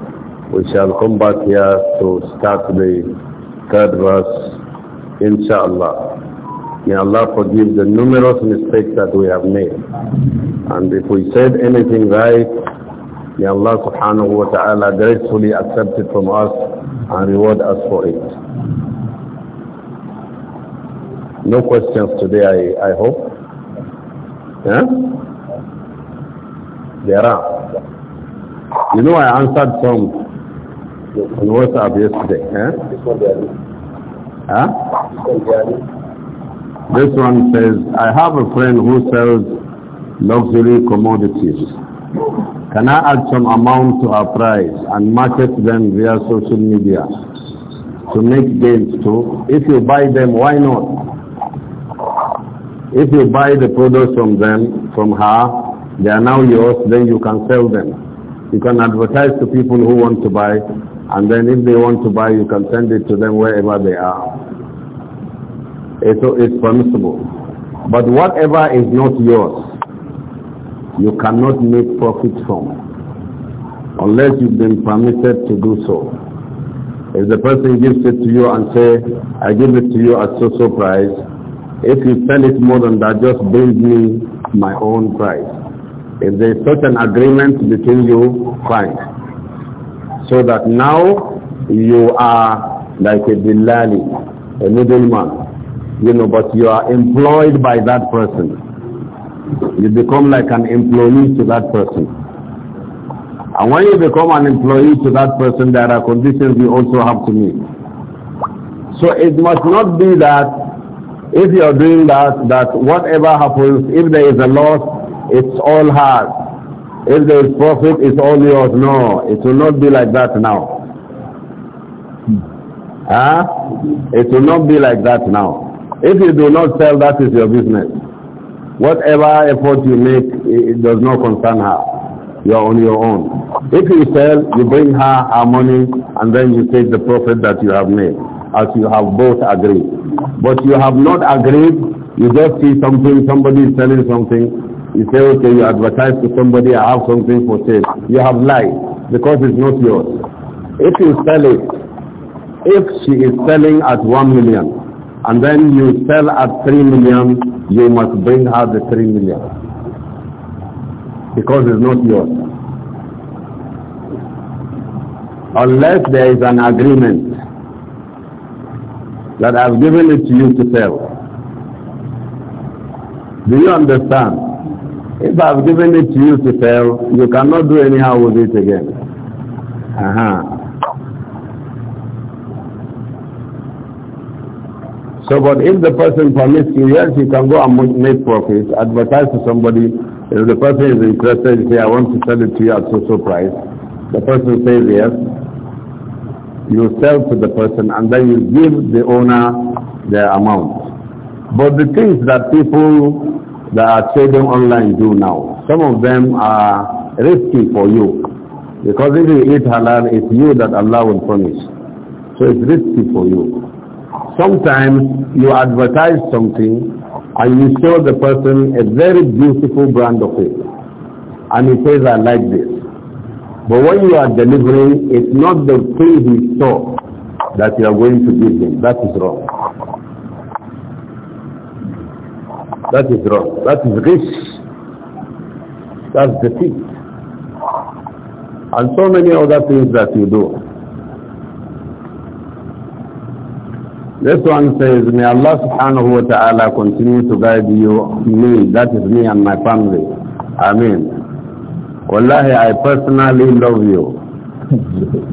we shall come back here to start the third verse, inshallah. May Allah forgive the numerous mistakes that we have made. And if we said anything right, may Allah subhanahu wa ta'ala gracefully accept it from us and reward us for it. No questions today, I, I hope. Huh? Eh? There are. You know I answered some on WhatsApp yesterday. Eh? Huh? This one says, I have a friend who sells luxury commodities. Can I add some amount to our price and market them via social media to make gains too? If you buy them, why not? If you buy the products from them, from her, they are now yours, then you can sell them. You can advertise to people who want to buy, and then if they want to buy, you can send it to them wherever they are. So it's permissible. But whatever is not yours, you cannot make profit from, unless you've been permitted to do so. If the person gives it to you and say, I give it to you at so-so price, if you sell it more than that, just bring me my own price. If there is such an agreement between you, fine. So that now you are like a Dilali, a middleman, you know, but you are employed by that person. You become like an employee to that person. And when you become an employee to that person, there are conditions you also have to meet. So it must not be that if you're doing that, that whatever happens, if there is a loss, it's all hers. If there is profit, it's all yours. No, it will not be like that now. Huh? It will not be like that now. If you do not sell, that is your business. Whatever effort you make, it does not concern her. You are on your own. If you sell, you bring her her money and then you take the profit that you have made as you have both agreed. But you have not agreed, you just see something, somebody is selling something, you say, okay, you advertise to somebody, I have something for sale. You have lied because it's not yours. If you sell it, if she is selling at 1 million, and then you sell at 3 million, you must bring her the 3 million. Because it's not yours. Unless there is an agreement that I've given it to you to sell. Do you understand? If I've given it to you to sell, you cannot do anyhow with it again. Uh -huh. So, but if the person permits you, yes, you can go and make profit, advertise to somebody. If the person is interested, say, I want to sell it to you at so-so price. The person says yes, you sell to the person and then you give the owner the amount. But the things that people that are trading online do now, some of them are risky for you. Because if you eat halal, it's you that Allah will punish. So it's risky for you. Sometimes you advertise something and you show the person a very beautiful brand of it. And he says, I like this. But when you are delivering, it's not the thing he saw that you are going to give him. That is wrong. That is wrong. That is rich. That's defeat. And so many other things that you do. This one says, May Allah subhanahu wa ta'ala continue to guide you, me, that is me and my family. Ameen. Wallahi, I personally love you.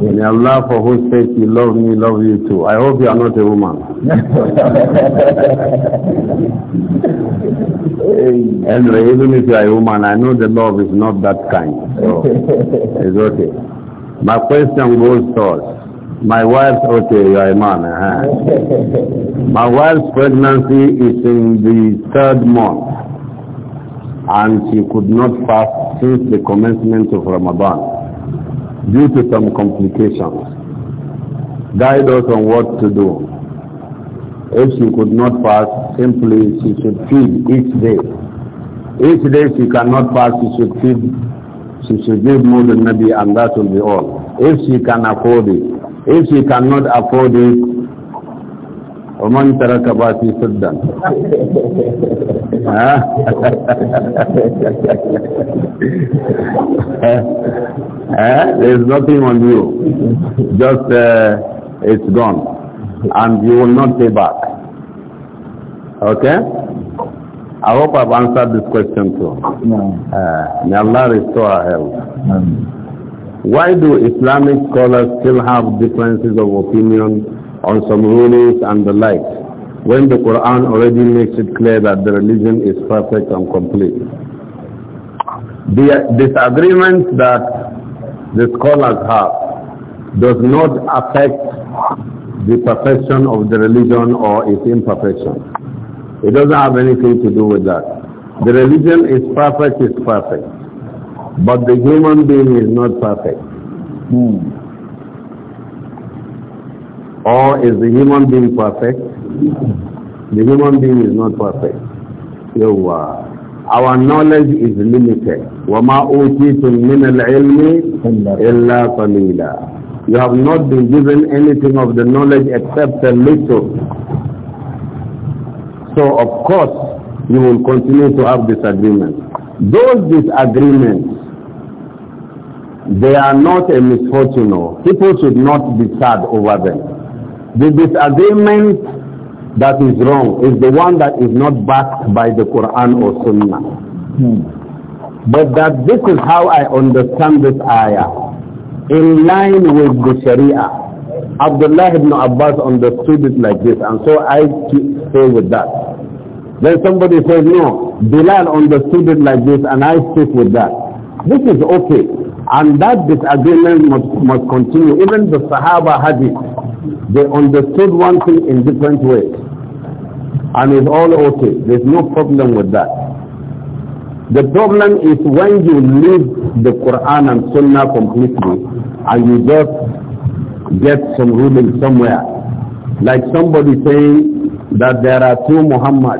In Allah for whose sake you love me, love you too. I hope you are not a woman. anyway, even if you are a woman, I know the love is not that kind. So
it's
okay. My question goes towards my wife's okay, you are a man. Uh -huh. My wife's pregnancy is in the third month and she could not fast since the commencement of Ramadan due to some complications. Guide us on what to do. If she could not fast, simply she should feed each day. Each day she cannot fast, she should feed, she should give more than maybe and that will be all. If she can afford it. If she cannot afford it, ومن ترك باتي there is nothing on you just uh, it's gone and you will not pay back okay I hope I've answered this question too uh, may Allah restore our health why do Islamic scholars still have differences of opinion on some rulings and the like, when the Quran already makes it clear that the religion is perfect and complete. The disagreement that the scholars have does not affect the perfection of the religion or its imperfection. It doesn't have anything to do with that. The religion is perfect, is perfect. But the human being is not perfect. Hmm. Or is the human being perfect? The human being is not perfect. Yawwa. Uh, our knowledge is limited. وَمَا أُوتِيتُم مِّنَ الْعِلْمِ إِلَّا قَلِيلًا You have not been given anything of the knowledge except a little. So of course, you will continue to have disagreements. Those disagreements, they are not a misfortune. People should not be sad over them. The disagreement that is wrong is the one that is not backed by the Quran or Sunnah. Hmm. But that this is how I understand this ayah. In line with the Sharia. Abdullah ibn Abbas understood it like this and so I stay with that. Then somebody says, no, Bilal understood it like this and I stick with that. This is okay. And that disagreement must, must continue. Even the Sahaba had it. They understood one thing in different ways. And it's all okay. There's no problem with that. The problem is when you leave the Quran and Sunnah completely and you just get some ruling somewhere. Like somebody saying that there are two muhammad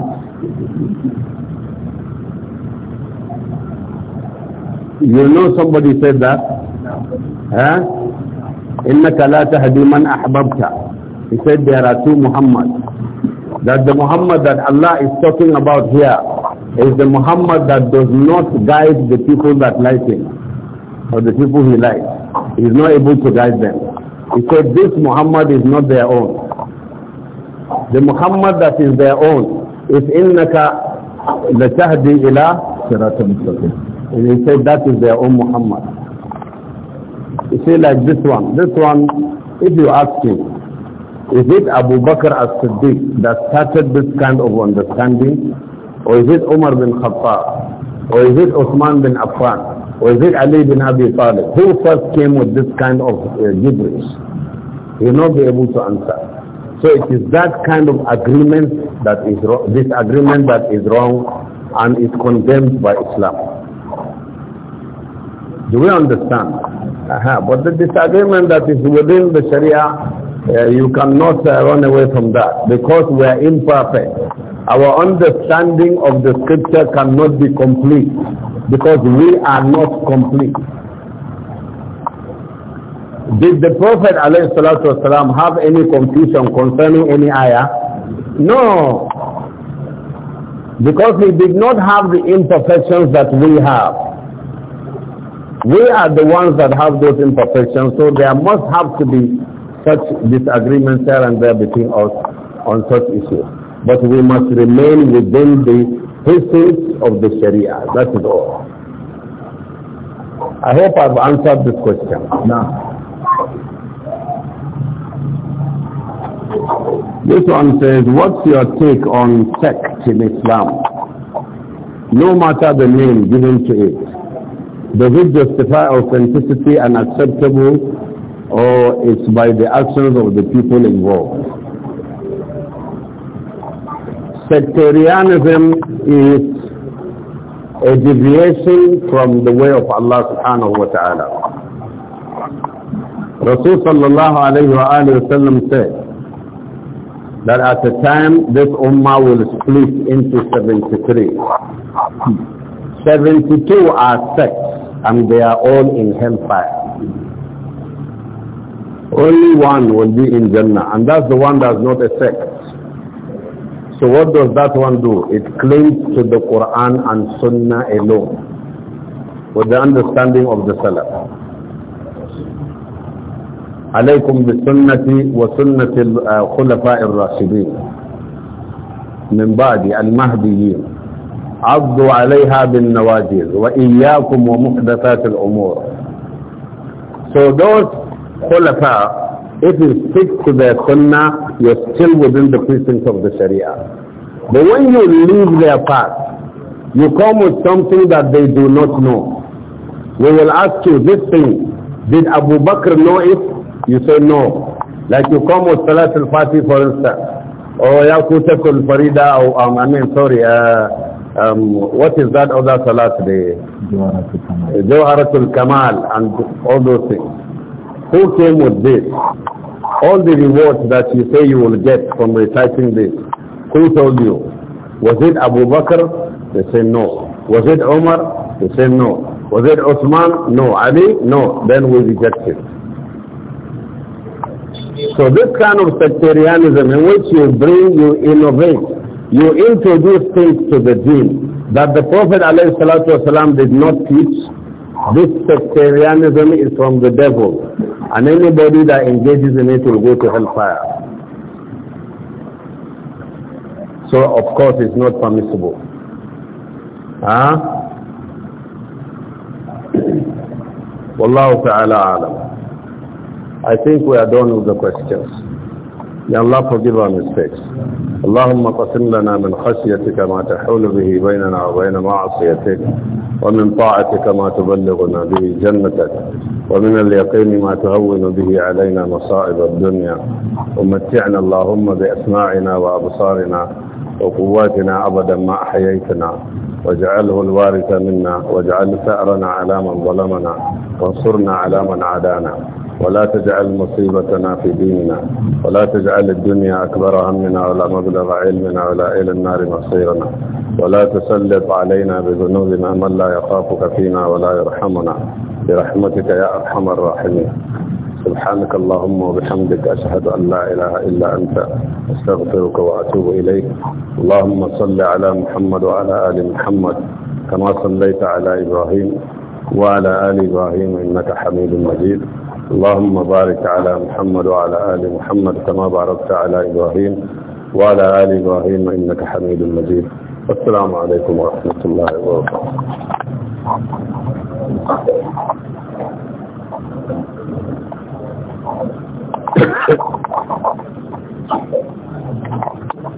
You know somebody said that?
No.
Huh? innaka la tahdi man ahbabta he said there are two muhammad that the muhammad that allah is talking about here is the muhammad that does not guide the people that like him or the people he likes he is not able to guide them he said this muhammad is not their own the muhammad that is their own is innaka la tahdi ila siratal mustaqim he said that is their own muhammad you say like this one. This one, if you ask him, is it Abu Bakr as-Siddiq that started this kind of understanding? Or is it Umar bin Khattab? Or is it Uthman bin Affan? Or is it Ali bin Abi Talib? Who first came with this kind of uh, gibberish? will not be able to answer. So it is that kind of agreement that is wrong, this agreement that is wrong and is condemned by Islam. Do we understand? -huh. But the disagreement that is within the Sharia, uh, you cannot uh, run away from that because we are imperfect. Our understanding of the scripture cannot be complete because we are not complete. Did the Prophet والسلام, have any confusion concerning any ayah? No. Because he did not have the imperfections that we have. We are the ones that have those imperfections, so there must have to be such disagreements here and there between us on such issues. But we must remain within the precepts of the Sharia. That is all. I hope I've answered this question. Now, this one says, what's your take on sect in Islam? No matter the name given to it, does it justify authenticity and acceptable or it's by the actions of the people involved? Sectarianism is a deviation from the way of Allah subhanahu wa ta'ala. Rasul sallallahu alayhi wa, alayhi wa sallam said, that at the time this ummah will split into 73. 72 are sects and they are all in hellfire. Only one will be in Jannah and that's the one that's not a So what does that one do? It clings to the Quran and Sunnah alone with the understanding of the Salaf. عليكم بسنتي وسنة الخلفاء الراشدين من بعد المهديين عضوا عليها بالنواجذ وإياكم ومحدثات الأمور so those khulafa if you stick to their sunnah you're still within the precincts of the sharia but when you leave their path you come with something that they do not know we will ask you this thing did Abu Bakr know it you say no like you come with Salat al-Fatih for instance or oh, Yakutakul Farida or oh, um, I mean sorry uh, um, what is that other salat today? Jawharatul Kamal and all those things. Who came with this? All the rewards that you say you will get from reciting this, who told you? Was it Abu Bakr? They say no. Was it Omar? They say no. Was it Osman? No. Ali? No. Then we reject it. So this kind of sectarianism in which you bring, you innovate, you introduce things to the deen that the Prophet ﷺ did not teach, this sectarianism is from the devil and anybody that engages in it will go to hellfire. So of course it's not permissible. Huh? Wallahu ta'ala alam. I think we are done with the questions. May Allah forgive our اللهم قسم لنا من خشيتك ما تحول به بيننا وبين معصيتك ومن طاعتك ما تبلغنا به جنتك ومن اليقين ما تهون به علينا مصائب الدنيا ومتعنا اللهم بأسماعنا وأبصارنا وقواتنا أبدا ما أحييتنا واجعله الوارث منا واجعل ثأرنا على من ظلمنا وانصرنا على من عادانا ولا تجعل مصيبتنا في ديننا ولا تجعل الدنيا أكبر همنا ولا مبلغ علمنا ولا إلى النار مصيرنا ولا تسلط علينا بذنوبنا من لا يخافك فينا ولا يرحمنا برحمتك يا أرحم الراحمين سبحانك اللهم وبحمدك أشهد أن لا إله إلا أنت أستغفرك وأتوب إليك اللهم صل على محمد وعلى آل محمد كما صليت على إبراهيم وعلى آل إبراهيم إنك حميد مجيد اللهم بارك على محمد وعلى آل محمد كما باركت على إبراهيم وعلى آل إبراهيم إنك حميد مجيد والسلام عليكم ورحمة الله
وبركاته